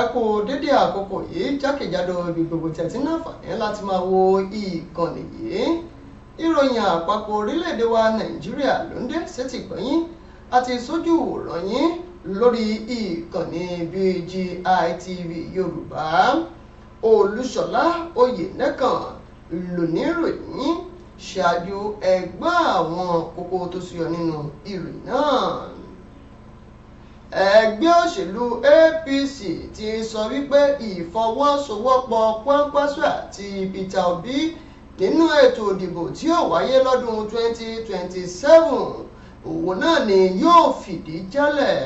ẹ kú dédé àkókò yìí jákèjádò ibi gbogbo tẹ̀tí náà fàní láti máa wo ìkànnì yìí ìròyìn àpapọ̀ orílẹ̀-èdè wa nàìjíríà ló ń dé sétí gbọ́yìn àti sójú ìwòran yín lórí ìkànnì BGI TV yorùbá olúṣọlá oyènẹkàn lóníròyìn ṣáájú ẹgbẹ́ àwọn kókó tó ṣúyọ nínú ìròyìn náà ẹgbẹ́ òṣèlú APC ti sọ wípé ìfọwọ́sowọ́pọ̀ Kwankwaso àti Peter Obi nínú ètò ìdìbò tí yóò wáyé lọ́dún 2027 òun náà ni yóò fìdí jálẹ̀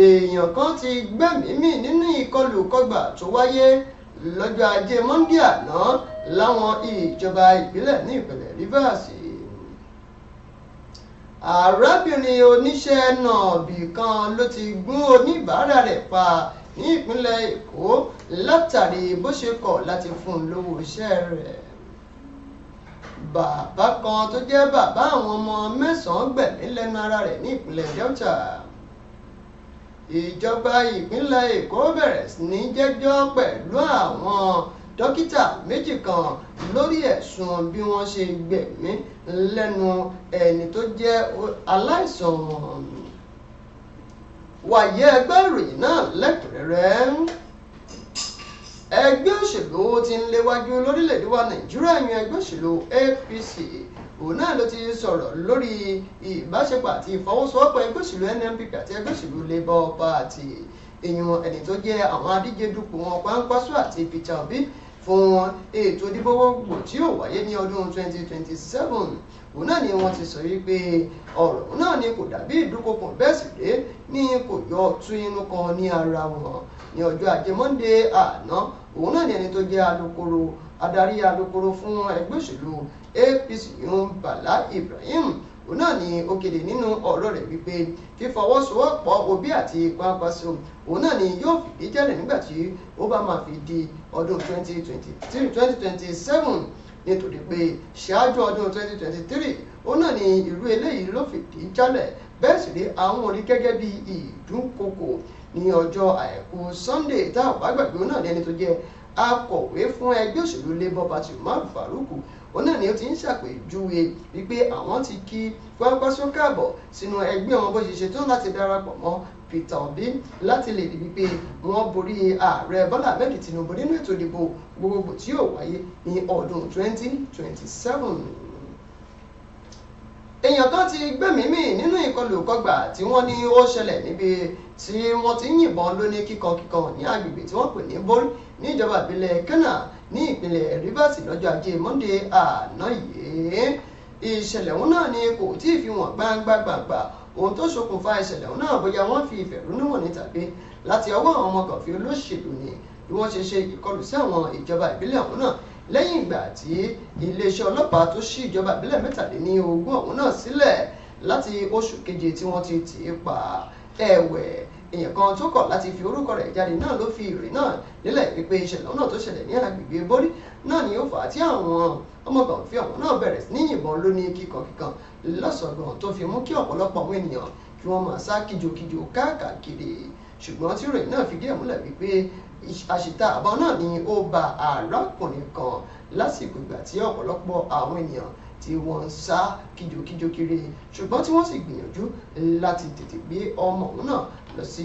èèyàn kan ti gbẹ́mìímì nínú ìkọlù kọgbà tó wáyé lọ́jọ́ ajé monde àná láwọn ìjọba ìbílẹ̀ ní ìpínlẹ̀ Rivers arábìnrin oníṣẹ́ nàbì kan ló ti gún oníbàárà rẹ̀ pa ní ìpínlẹ̀ èkó látàrí bó ṣe kọ̀ láti fún un lówó iṣẹ́ rẹ̀ bàbá kan tó jẹ́ bàbá àwọn ọmọ mẹ́sàn-án gbẹ̀mí lẹ́nu ara rẹ̀ ní ìpínlẹ̀ delta ìjọba ìpínlẹ̀ èkó bẹ̀rẹ̀ sí ní jẹ́jọ́ pẹ̀lú àwọn dókítà méjì kan lórí ẹ̀sùn bí wọ́n ṣe gbẹ̀mí lẹ́nu ẹni tó jẹ́ aláìsàn wàyẹ ẹgbẹ́ ìròyìn náà lẹ́kùnrẹ́rẹ́ ẹgbẹ́ òṣèlú ti ń léwájú lórílẹ̀‐èdè wa nàìjíríà yan ẹgbẹ́ òṣèlú APC òun náà ló ti sọ̀rọ̀ lórí ìbáṣepọ̀ àti ìfọwọ́sowọ́pọ̀ ẹgbẹ́ òṣèlú NNPP àti ẹgbẹ́ òṣèlú Labour Party èèyàn ẹni tó jẹ́ àwọn adíje dupò wọn Kwankwaso àti Peter Obi fún ètò ìdìbò gbogbo tí yóò wáyé ní ọdún 2027 òun náà ni wọ́n ti sọ wípé ọ̀rọ̀ náà ni kò dàbí ìdúkokùn bẹ́ẹ̀ sì ré ní kò yọ ọ̀tún inú kan ní ara wọn ní ọjọ́ ajé monde àná òun náà ni ẹni tó jẹ́ alukoro adarí alukoro fún ẹgbẹ́ òṣèlú APC yun Bala Ibrahim òun náà ni ó kéde nínú ọ̀rọ̀ rẹ̀ wípé fífọwọ́sowọ́pọ̀ Obi àti Kwankwaso òun náà ni yóò fìdí jẹ́lẹ̀ nígbà tí ó bá máa fi di ọdún 2023 2027 nítorí pé ṣáájú ọdún 2023 òun náà ni ìlú eléyìí ló fìdí jálẹ̀ bẹ́ẹ̀ sì rí àwọn orí gẹ́gẹ́ bí ìdúnkokò ní ọjọ́ àìkú Sunday tá a bá gbàgbé òun náà ní ẹni tó jẹ́ akọ̀wé fún ẹgbẹ́ òṣèlú Labour Party Umar Faruku òun ni ó ti ń ṣàpèjúwe wípé àwọn ti kí Kwankwaso káàbọ̀ sínú ẹgbẹ́ wọn bó ṣe ṣe tó láti darapọ̀ mọ́ Peter Obi láti lè rí wípé wọ́n borí ààrẹ Bọ́lá Ahmed Tinubu nínú ètò ìdìbò gbogbogbò tí yóò wáyé ní ọdún 2027 èèyàn kan ti gbẹ̀mí mì nínú ìkọlù kọgbà tí wọ́n ní ó ṣẹlẹ̀ níbi tí wọ́n ti ń yìnbọn lóní kíkankíkan ní agbègbè tí wọ́n pè ní bol ní ìjọba ìbílẹ̀ kánà ní ìpínlẹ̀ rivers lọ́jọ́ ajé monde àná yìí ìṣẹ̀lẹ̀ ọ̀hún náà ni kò tí ì fi wọ́n gbangba gbàgbà ohun tó ṣokùnfà ìṣẹ̀lẹ̀ ọ̀hún náà bóyá wọ́n fi ìfẹ̀rúnúwọ̀n ní tàbí láti ọwọ́ àwọn ọmọ fi olóṣèlú ni bí wọ́n ṣe ṣe ìkọlù sí àwọn ìjọba ìbílẹ̀ ọ̀hún náà lẹ́yìn ìgbà tí iléeṣẹ́ ọlọ́pàá tó ṣí ìjọba ìbílẹ̀ mẹ́tàléní ogún ọ̀hún náà sílẹ̀ láti oṣù keje tí wọ́n ti tì í pa ẹ̀wẹ̀ èèyàn kan tó kọ̀ láti fi orúkọ rẹ̀ jáde náà ló fi ìrè náà nílẹ̀ wípé ìṣẹ̀lẹ̀ náà tó ṣẹlẹ̀ ní agbègbè borí náà ni ó fà á tí àwọn ọmọkàn fi ọ̀hún náà bẹ̀rẹ̀ sí ní yìnbọn ló ní kíkankíkan lọ́sọ̀gbọ̀n tó fi mú kí ọ̀pọ̀lọpọ̀ àwọn ènìyàn kí wọ́n máa sá kíjokíjo káàkiri ṣùgbọ́n tí ìròyìn náà fi díẹ̀ múlẹ̀ wípé àṣìta àbọ̀ náà ni ó ba arákùnrin kan lásìkò ìgbà tí ọ̀pọ̀lọpọ̀ àwọn ènìyàn tí wọ́n ń sá kíjokíjo kiri ṣùgbọ́n tí wọ́n sì gbìyànjú láti tètè gbé ọmọ náà lọ sí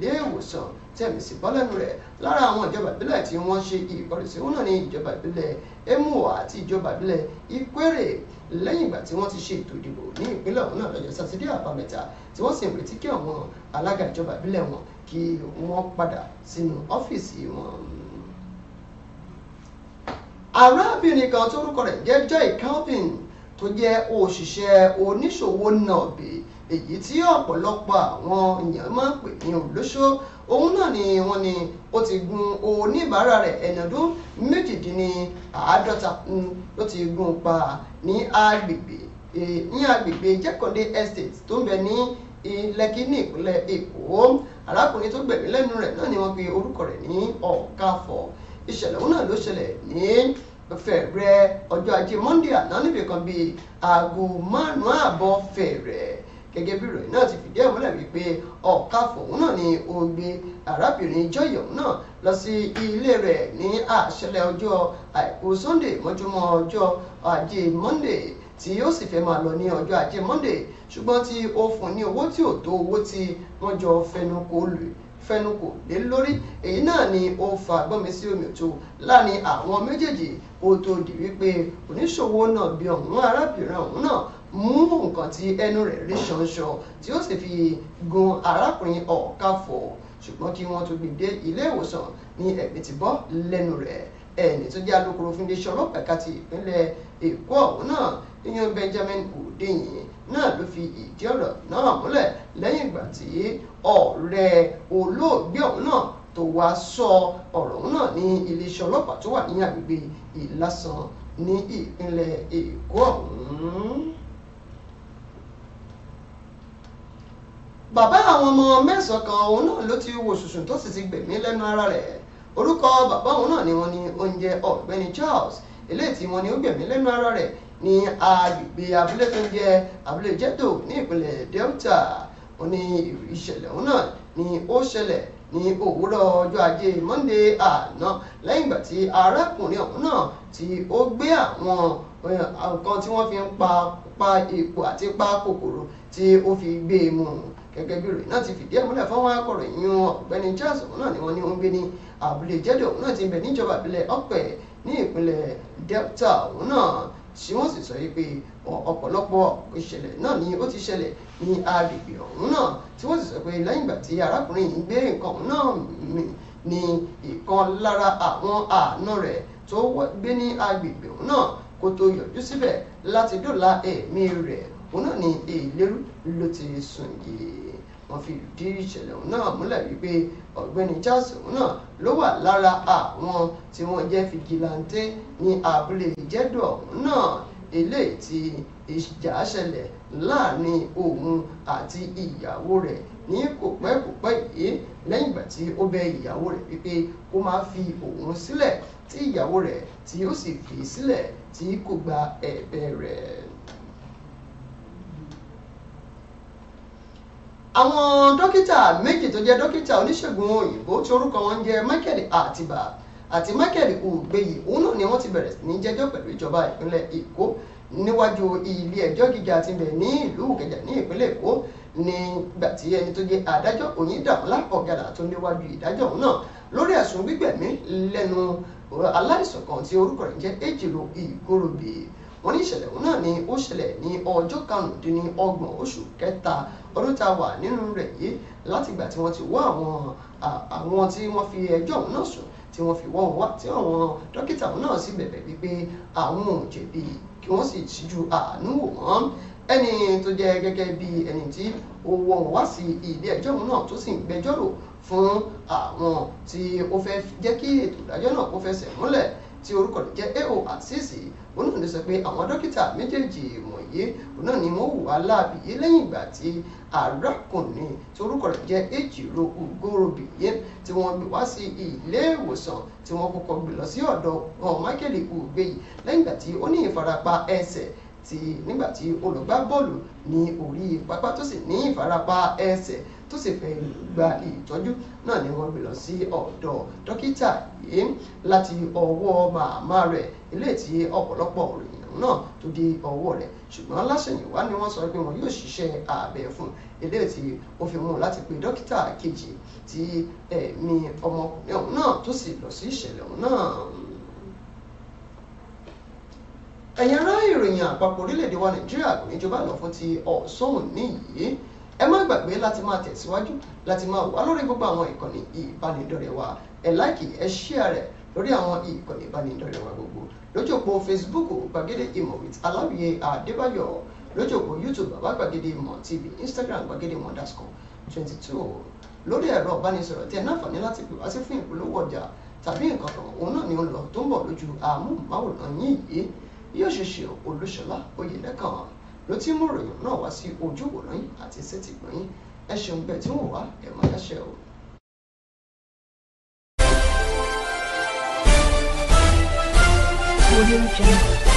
ilé ìwòsàn tí ẹ̀mí sì bọ́ lẹ́nu rẹ̀ lára àwọn ìjọba ìbílẹ̀ tí wọ́n ṣe ìkọlùsí wọn náà ní ìjọba ìbílẹ̀ Emuwa àti ìjọba ìbílẹ̀ Ikwere lẹ́yìn ìgbà tí wọ́n ti ṣe ètò ìdìbò ní ìpínlẹ̀ ọ̀hún náà lọ́jọ́ sátidé àbámẹ́ta tí wọ́n sì ń retí kí àwọn alága ìjọba ìbílẹ̀ wọn kí wọ́n padà sínú ọ́fíìsì wọn arábìnrin kan tó orúkọ rẹ̀ jẹ́ Joy Calvin tó jẹ́ òṣìṣẹ́ oníṣòwò nọ̀bì èyí tí ọ̀pọ̀lọpọ̀ àwọn èèyàn máa ń pè ní olóṣó òun náà ni wọ́n ní ó ti gun oníbàárà rẹ̀ ẹni ọdún méjìdínláàádọ́ta ló ti gun pa ní agbègbè e, ní agbègbè jẹ́kọ̀dé estate tó ń bẹ ní Lẹ́kì ní ìpínlẹ̀ Èkó arákùnrin tó gbẹ̀mí lẹ́nu rẹ̀ náà ni wọ́n pe orúkọ rẹ̀ ní Ọ̀káfọ̀ ìṣẹ̀lẹ̀ òun náà ló ṣẹlẹ̀ ní fẹ̀rẹ̀ ọjọ́ ajé monday àná níbìkan bíi aago márùn-ún àbọ̀ fẹ̀rẹ̀ gẹ́gẹ́ bí ìròyìn náà ti fìdí ẹ̀ múlẹ̀ wípé ọ̀káfọ̀ òun náà ni òun gbé arábìnrin jọ́yẹ̀ òun náà lọ sí ilé rẹ̀ ní àṣẹlẹ̀ ọjọ́ àìkú sunday mọ́júmọ́ ọjọ́ ajé monday tí ó sì fẹ́ máa lọ ní ọjọ́ ajé monday ṣùgbọ́n tí ó fún ní owó tí ò tó owó tí wọ́n jọ fẹnu kò lù fẹnukò lé lórí èyí náà ni ó fa gbọ́nmi sí omi òtò láàrin àwọn méjèèjì kó tó di wípé oníṣòwò náà bí ọ̀hún arábìnrin ọ̀hún náà mú nǹkan tí ẹnu rẹ̀ rí ṣanṣọ tí ó sì fi gun arákùnrin ọ̀ọ́kàfọ̀ ṣùgbọ́n kí wọ́n tó gbé dé ilé ìwòsàn ní ẹ̀mí ti bọ́ lẹ́nu rẹ̀ ẹni tó jẹ́ alukoro fún iléeṣẹ́ ọlọ́pàá ìpínlẹ̀ Èkó ọ̀hún náà ìyẹn Benjamin Hundeyin náà ló fi ìdí ọ̀rọ̀ náà múlẹ̀ lẹ́yìn ìgbà tí ọ̀rẹ́ olóògbé ọ̀hún náà tó wá sọ ọ̀rọ̀ ọ̀hún náà ní iléeṣẹ́ ọlọ́pàá tó wà ní àgbègbè ìlàsàn ní ìpínlẹ̀ èkó ọ̀hún. bàbá àwọn ọmọ mẹ́sàn-án kan òun náà ló ti wo sùsùn tó sì ti gbẹ̀mí lẹ́nu ara rẹ̀ orúkọ bàbá òun náà ni wọ́n ní oúnjẹ ọ̀gbẹ́ni Charles eléyìí tí wọ́n ní ó gbẹ̀mí lẹ́nu ara rẹ̀ ní agbègbè abúlé tó ń jẹ́ abúlé jẹ́tò ní ìpínlẹ̀ Delta ó ní ìṣẹ̀lẹ̀ òun náà ni ó ṣẹlẹ̀ ní òwúrọ̀ ọjọ́ ajé monde àná lẹ́yìn ìgbà tí arákùnrin ọ̀hún náà tí ó gbé àwọn eh, nǹkan tí wọ́n fi ń pa pa epo àti pa kòkòrò tí ó fi gbé e mú gẹ́gẹ́ bí ìròyìn náà ti fìdí ẹ̀ múlẹ̀ fáwọn akọ̀ròyìn ọ̀gbẹ́ni Charles ọ̀hún náà ni wọ́n ní ó ń gbé ní abúlé jẹ́dọ̀ ọ̀hún náà ti ń níjọba ìbílẹ̀ ọ̀pẹ̀ ní ìpínlẹ̀ Delta ọ̀hún náà tí wọ́n sì sọ yìí pé ọ̀pọ̀lọpọ̀ ìṣẹ̀lẹ̀ náà ni ó ti ṣẹlẹ̀ ní agbègbè ọ̀hún náà tí wọ́n sì sọ pé lẹ́yìn ìgbà tí arákùnrin yìí gbé nǹkan náà mì ni ìkan lára àwọn àánú rẹ̀ tó gbé ní agbègbè ọ̀hún náà kó tó yọjú síbẹ̀ láti dóòlà ẹ̀mí eh, rẹ̀ òun náà ni èlérú ló ti sùn yìí wọ́n fi ìdí ìṣẹ̀lẹ̀ ọ̀hún náà múlẹ̀ wípé ọ̀gbẹ́ni Charles ọ̀hún náà ló wà lára àwọn tí wọ́n jẹ́ fìgìláńtè ní abúlé ìjẹ́dọ̀ ọ̀hún náà eléyìí tí ìjà ṣẹlẹ̀ láàrin òun àti ìyàwó rẹ̀ ní kò pẹ́ kò pẹ́ yìí lẹ́yìn ìgbà tí ó bẹ ìyàwó rẹ̀ wípé kó má fi òun sílẹ̀ tí ìyàwó rẹ̀ tí ó sì fi sílẹ̀ tí kò gba ẹ̀bẹ̀ rẹ̀. àwọn dókítà méjì tó jẹ́ dókítà oníṣègùn òyìnbó tí orúkọ wọn jẹ́ Michael Àtìbà àti Michael Ògbèyí òun náà ni wọ́n ti bẹ̀rẹ̀ ní jẹ́jọ́ pẹ̀lú ìjọba ìpínlẹ̀ Èkó níwájú ilé ẹjọ́ gíga ti bẹ̀ ní ìlú Ìkẹjà ní ìpínlẹ̀ Èkó nígbà tí ẹni tó jẹ́ adájọ́ Oyíndàmọ́lá Ọ̀gádà tó níwájú ìdájọ́ òun náà lórí ẹ̀sùn gbígbẹ̀mí lẹ́nu aláìsàn kan tí orúkọ rẹ̀ jẹ́ Èjìló Ìkòròbì wọ́n ní ìṣẹ̀lẹ̀ òun náà ni ó ṣẹlẹ̀ ní ọjọ́ karùndínlọ́gbọ̀n oṣù kẹta ọdún tá a wà nínú rẹ̀ yìí látìgbà tí wọ́n ti wọ́ àwọn àwọn tí wọ́n fi ẹjọ́ òun náà sùn tí wọ́n fi wọ́n wá tí àwọn dókítà òun náà sì bẹ̀bẹ̀ wípé àwọn ò jẹ̀bi kí wọ́n sì ṣíjú àánú wò wọ́n ẹni tó jẹ́ gẹ́gẹ́ bí ẹni tí ó wọ́ wá sí ilé ẹjọ́ òun náà tó sì ń gbẹjọ́rò fún àwọn tí ó fẹ́ jẹ́ kí ètò ìdájọ́ náà kó fẹsẹ̀ múlẹ̀ tí orúkọ rẹ̀ jẹ́ AO Azeez òun náà ló sọ pé àwọn dókítà méjèèjì wọ̀nyí òun náà ni wọ́n hùwà láàbìyé lẹ́yìn ìgbà tí arákùnrin tí orúkọ rẹ̀ jẹ́ Ejiro Ugorobiye tí wọ́n gbé wá sí ilé ìwòsàn tí wọ́n kọ́kọ́ gbé lọ sí ọ̀dọ̀ wọn Michael Ugbeyi lẹ́yìn ìgbà tí ó ní ìfarapa ẹsẹ̀ ti nígbà tí ó lọ ní orí pápá tó sì ní ìfarapa ẹsẹ̀ tó sì fẹ́ gba ìtọ́jú náà ni wọ́n gbé lọ sí ọ̀dọ̀ dókítà yìí láti ọwọ́ màmá rẹ̀ eléyìí tí ọ̀pọ̀lọpọ̀ òròyìn náà tó dé ọwọ́ rẹ̀ ṣùgbọ́n lásẹ̀yìnwá ni wọ́n sọ pé wọn yóò ṣiṣẹ́ abẹ fún eléyìí tí ó fi mú un láti pe dókítà kejì tí ẹ̀mí ọmọkùnrin ọ̀hún náà tó sì lọ sí ìṣẹ̀lẹ̀ ọ̀hún náà. ẹ̀yin ará ìròyìn àpapọ̀ orílẹ̀-èdè wa nàìjíríà kò ní jọba lọ fún ti ọ̀sán òní yìí ẹ má gbàgbé láti máa tẹ̀síwájú láti máa wà lórí gbogbo àwọn ìkànnì ìbánidọ́rẹ̀ẹ́ wa ẹ láìkì ẹ ṣíà rẹ̀ lórí àwọn ìkànnì ìbánidọ́rẹ̀ẹ́ wa gbogbo lójú òpó facebook gbàgede ìmọ̀ with aláwìyé àdébáyọ̀ lójú youtube bàbá gbàgede ìmọ̀ tv instagram gbàgede ìmọ̀ underscore twenty two lórí ẹ̀rọ ìbánisọ̀rọ̀ tí ẹ náfààní láti pè wá sí fún ìpolówó ọjà tàbí nǹkan kan òun náà ni ó lọ tó ń bọ̀ lójú àmúhùnmáwòrán yín yìí yóò ló ti mú ìròyìn náà wá sí ojú ìwòran yìí àti sẹ́tìgbọ̀n yìí ẹ ṣeun bẹ́ẹ̀ tí wọ́n wá ẹ̀ máa yáṣẹ́ o. Audio Jungle.